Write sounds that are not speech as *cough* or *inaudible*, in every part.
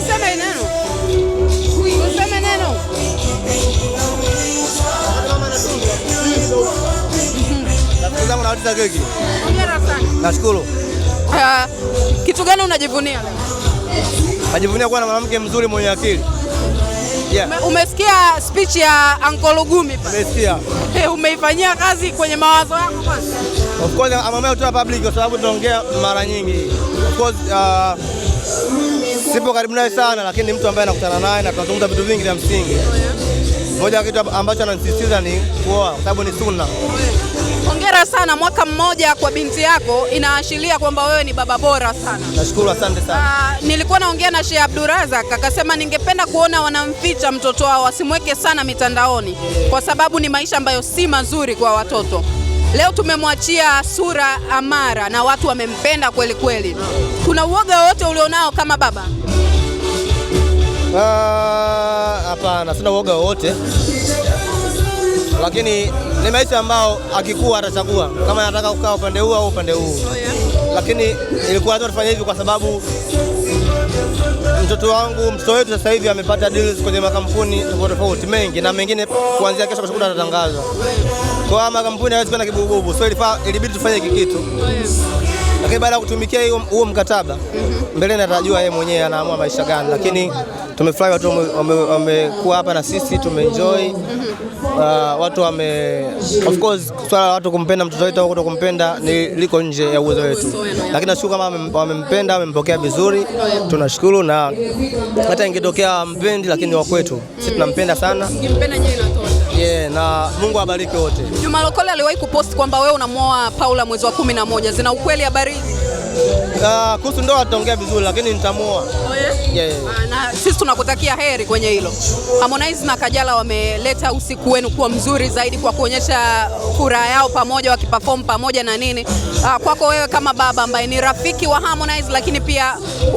useme neno, useme neno. Nashukuru. Ah, kitu gani unajivunia leo? Najivunia kuwa na mwanamke mzuri mwenye akili. Yeah. Umesikia speech ya Uncle Gumi? Umesikia. Eh, umeifanyia kazi kwenye mawazo yako kwanza? Of course, amamea utoa public kwa sababu tunaongea mara nyingi. Of course, uh, sipo karibu naye sana, lakini ni mtu ambaye anakutana naye na tunazungumza vitu vingi vya msingi. Moja ya kitu ambacho ananisisitiza ni kuoa, kwa sababu ni sunna. Hongera sana, mwaka mmoja kwa binti yako inaashiria kwamba wewe ni baba bora sana. Nashukuru, asante sana. Aa, ah, nilikuwa naongea na Sheikh Abdurazak akasema ningependa kuona wanamficha mtoto wao wasimweke sana mitandaoni, kwa sababu ni maisha ambayo si mazuri kwa watoto. Leo tumemwachia sura Amara na watu wamempenda kweli kweli. Kuna uoga wote ulionao kama baba? Ah, hapana, sina uoga wowote, lakini ni maisha ambao akikuwa atachagua kama anataka kukaa upande huu au upande huu. Oh, yeah. Lakini ilikuwa lazima tufanye hivi kwa sababu mtoto wangu, mtoto wetu sasa hivi amepata deals kwenye makampuni tofauti tofauti mengi, na mengine kuanzia kesho, kwa sababu atatangazwa kwa hiyo makampuni hawezi kwenda kibugubugu, so ilibidi tufanye kikitu, lakini baada ya kutumikia huo mkataba mbele atajua yeye mwenyewe anaamua maisha gani, lakini tumefurahi watu wamekuwa hapa na sisi, tumeenjoy. Uh, watu wame of course, swala la watu kumpenda mtoto wetu au kutokumpenda ni liko nje ya uwezo wetu, lakini nashukuru kama wamempenda, wamempokea vizuri, tunashukuru. Na hata ingetokea mpendi, lakini wa kwetu sisi tunampenda sana yeah, na Mungu abariki wote. Juma Lokole aliwahi kupost kwamba wewe unamwoa Paula mwezi wa kumi na moja, zina ukweli habari hizi? Uh, ah, kuhusu ndoa tutaongea vizuri, lakini nitamwoa yeah, yeah. Na sisi tunakutakia heri kwenye hilo. Harmonize na Kajala wameleta usiku wenu kuwa mzuri zaidi kwa kuonyesha furaha yao pamoja, wakiperform pamoja na nini. Ah, kwako wewe kama baba ambaye ni rafiki wa Harmonize, lakini pia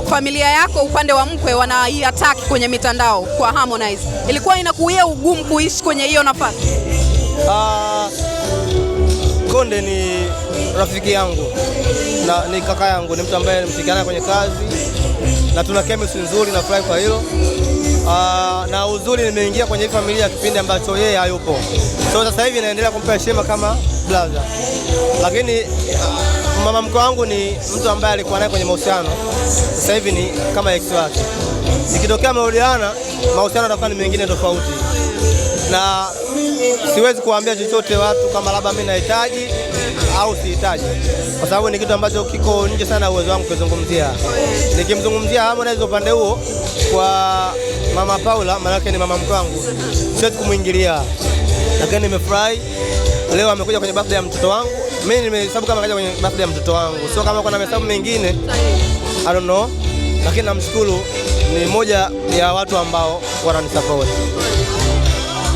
familia yako upande wa mkwe wanaiataki kwenye mitandao kwa Harmonize, ilikuwa inakuia ugumu kuishi kwenye hiyo nafasi? uh... Konde ni rafiki yangu na ni kaka yangu, ni mtu ambaye nimeshirikiana kwenye kazi na tuna chemistry nzuri, nafurahi kwa hilo. Aa, ah, na uzuri nimeingia kwenye hii familia kipindi ambacho yeye hayupo, so sasa hivi naendelea kumpa heshima kama brother, lakini uh, mama mkwe wangu ni mtu ambaye alikuwa naye kwenye mahusiano, sasa hivi ni kama ex wake. Ikitokea mahusiano mahusiano yatakuwa ni mengine tofauti, na siwezi kuambia chochote watu kama labda mimi nahitaji au sihitaji, kwa sababu ni kitu ambacho kiko nje sana uwezo wangu kuzungumzia. Nikimzungumzia Harmonize upande huo kwa mama Paula, maanake ni mama mke wangu, siwezi kumwingilia, lakini nimefurahi leo amekuja kwenye birthday ya mtoto wangu. Mimi nimehesabu kama kaja kwenye birthday ya mtoto wangu, sio kama kuna mahesabu mengine I don't know, lakini namshukuru, ni moja ya watu ambao wananisapoti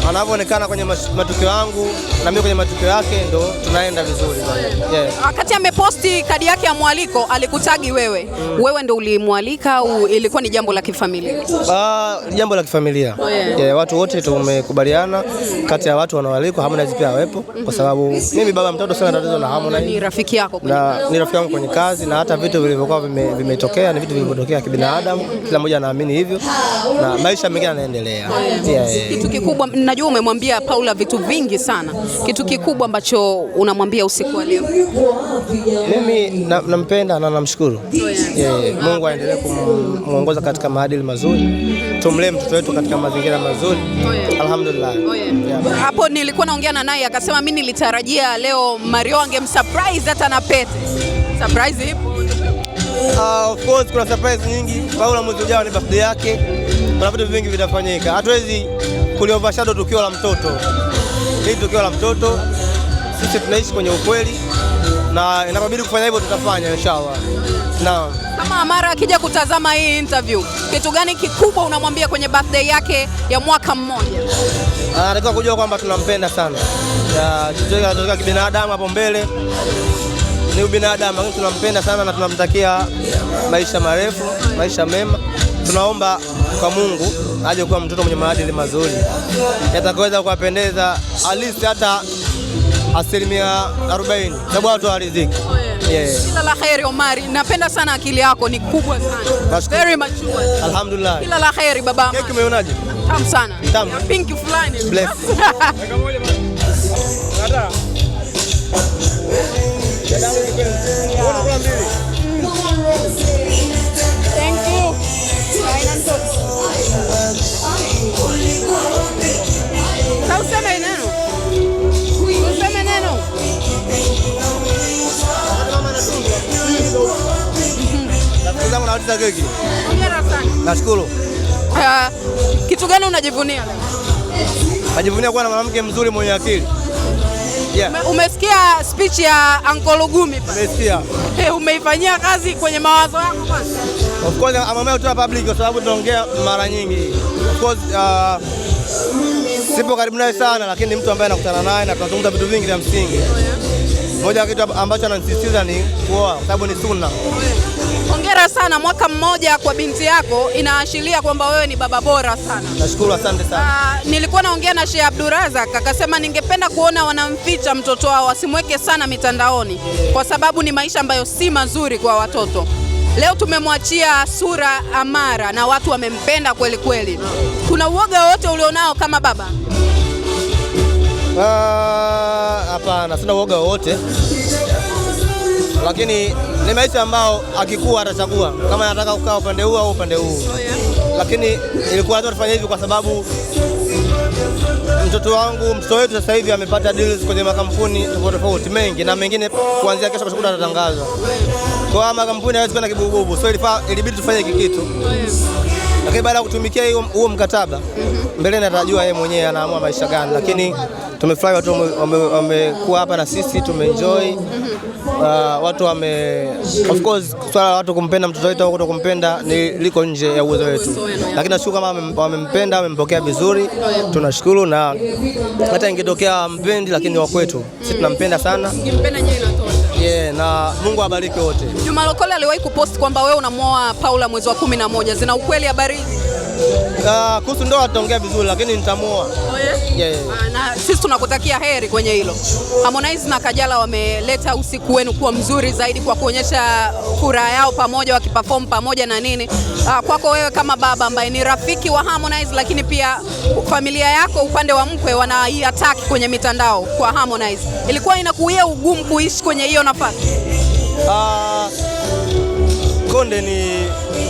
anavyoonekana kwenye matukio yangu na mimi kwenye matukio yake, ndo tunaenda vizuri yeah. Wakati ameposti kadi yake ya mwaliko alikutagi wewe mm. Wewe ndo ulimwalika au ilikuwa ni jambo la kifamilia? Ah, jambo la kifamilia oh, yeah. Yeah, watu wote tumekubaliana kati ya watu wanaoalikwa Harmonize pia awepo mm -hmm. Kwa mm-hmm. sababu mimi baba mtoto sana tatizo na Harmonize, ni rafiki yako kwenye na, ni rafiki yangu kwenye kazi na hata vitu vilivyokuwa vimetokea vime ni vitu vilivyotokea kibinadamu, kila mmoja anaamini hivyo na maisha mengine yanaendelea oh, yeah. Yeah. Kitu kikubwa na najua umemwambia Paula vitu vingi sana. Kitu kikubwa ambacho unamwambia usiku wa leo? Mimi nampenda na namshukuru yeah. Mungu aendelee kumuongoza katika maadili mazuri, tumlee mtoto wetu katika mazingira mazuri, alhamdulillah. Hapo nilikuwa naongea na naye akasema mimi nilitarajia leo Mario angemsurprise hata na pete. Surprise ipo. Uh, of course kuna surprise nyingi. Paula mwezi ujao ni birthday yake, kuna vitu vingi vitafanyika, hatuwezi kuliovershadow tukio la mtoto. hili tukio la mtoto, sisi tunaishi kwenye ukweli na inabidi kufanya hivyo, tutafanya inshallah. Naam. Kama Amara akija kutazama hii interview, kitu gani kikubwa unamwambia kwenye birthday yake ya mwaka mmoja? Anatakiwa kujua kwamba tunampenda sana, chochote kinachotokea kibinadamu hapo mbele ni ubinadamu, lakini tunampenda sana na tunamtakia maisha marefu, maisha mema. Tunaomba kwa Mungu aje kuwa mtoto mwenye maadili mazuri yatakaweza kuwapendeza alisi hata asilimia 40, sababu watu waridhiki. Kila la kheri Omari, napenda sana akili yako ni kubwa sana. Very mature. Alhamdulillah. Kila la kheri baba. Keki umeonaje? Tamu sana. Tamu. pinki fulani. Bless. *laughs* Nashukuru. Uh, kitu gani unajivunia leo? Najivunia kuwa na mwanamke mzuri mwenye akili yeah. umesikia speech ya Uncle Gumi pale? Umesikia. Eh, umeifanyia kazi kwenye mawazo yako kwanza? Of course, amama tu public kwa sababu tunaongea mara nyingi. Of course, uh, sipo karibu naye sana lakini ni mtu ambaye anakutana naye na tunazungumza vitu vingi vya msingi. Moja ya kitu ambacho ananisisitiza ni kuoa kwa sababu ni sunna. Hongera sana, mwaka mmoja kwa binti yako inaashiria kwamba wewe ni baba bora sana. Nashukuru, asante sana. Aa, ah, nilikuwa naongea na Sheikh Abdurazak akasema ningependa kuona wanamficha mtoto wao wasimweke sana mitandaoni kwa sababu ni maisha ambayo si mazuri kwa watoto. Leo tumemwachia sura amara na watu wamempenda kweli kweli. Kuna uoga wowote ulionao kama baba? Ah, hapana, uh, sina uoga wowote lakini ni maisha ambao akikuwa atachagua kama anataka kukaa upande huu au upande huu, lakini ilikuwa lazima tufanye hivi kwa sababu mtoto wangu mtoto wetu sasa hivi amepata deals kwenye makampuni tofauti tofauti mengi, na mengine kuanzia kesho kesho atatangaza kwa makampuni, hawezi kwenda kibububu, so ilibidi tufanye hiki kitu lakini baada ya kutumikia huo mkataba mhm. mbele natajua yeye mwenyewe anaamua maisha gani, lakini tumefurahi watu wamekuwa hapa na sisi tumeenjoy. Uh, watu wame of course, swala la watu kumpenda mtoto wetu au kumpenda ni liko nje ya uwezo wetu, lakini nashukuru kama wamempenda, wamempokea vizuri, tunashukuru. Na hata ingetokea mpendi, lakini wakwetu sisi tunampenda sana na Mungu abariki wote. Juma Lokole aliwahi kupost kwamba wewe unamwoa Paula mwezi wa kumi na moja, zina ukweli habari hizi? Uh, ah, kuhusu ndoa tutaongea vizuri, lakini nitamwoa Ah, na sisi tunakutakia heri kwenye hilo. Harmonize na Kajala wameleta usiku wenu kuwa mzuri zaidi kwa kuonyesha furaha yao pamoja, wakiperform pamoja na nini. Ah, kwako wewe kama baba ambaye ni rafiki wa Harmonize, lakini pia familia yako upande wa mkwe wanaiataki kwenye mitandao kwa Harmonize, ilikuwa inakuia ugumu kuishi kwenye hiyo nafasi? uh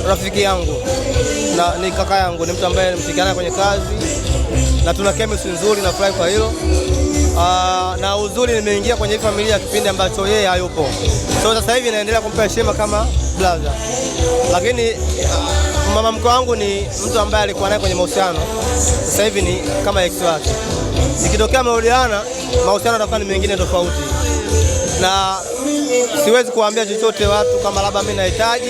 rafiki yangu na ni kaka yangu, ni mtu ambaye nimshirikiana kwenye kazi na tuna chemistry nzuri, nafurahi kwa hilo. Uh, na uzuri nimeingia kwenye familia ya kipindi ambacho yeye hayupo, so sasa hivi naendelea kumpa heshima kama brother, lakini uh, mama mkwe wangu ni mtu ambaye alikuwa naye kwenye mahusiano, sasa hivi ni kama ex wake. Nikitokea mahusiano mahusiano atakuwa ni mengine tofauti, na siwezi kuambia chochote watu kama labda mimi nahitaji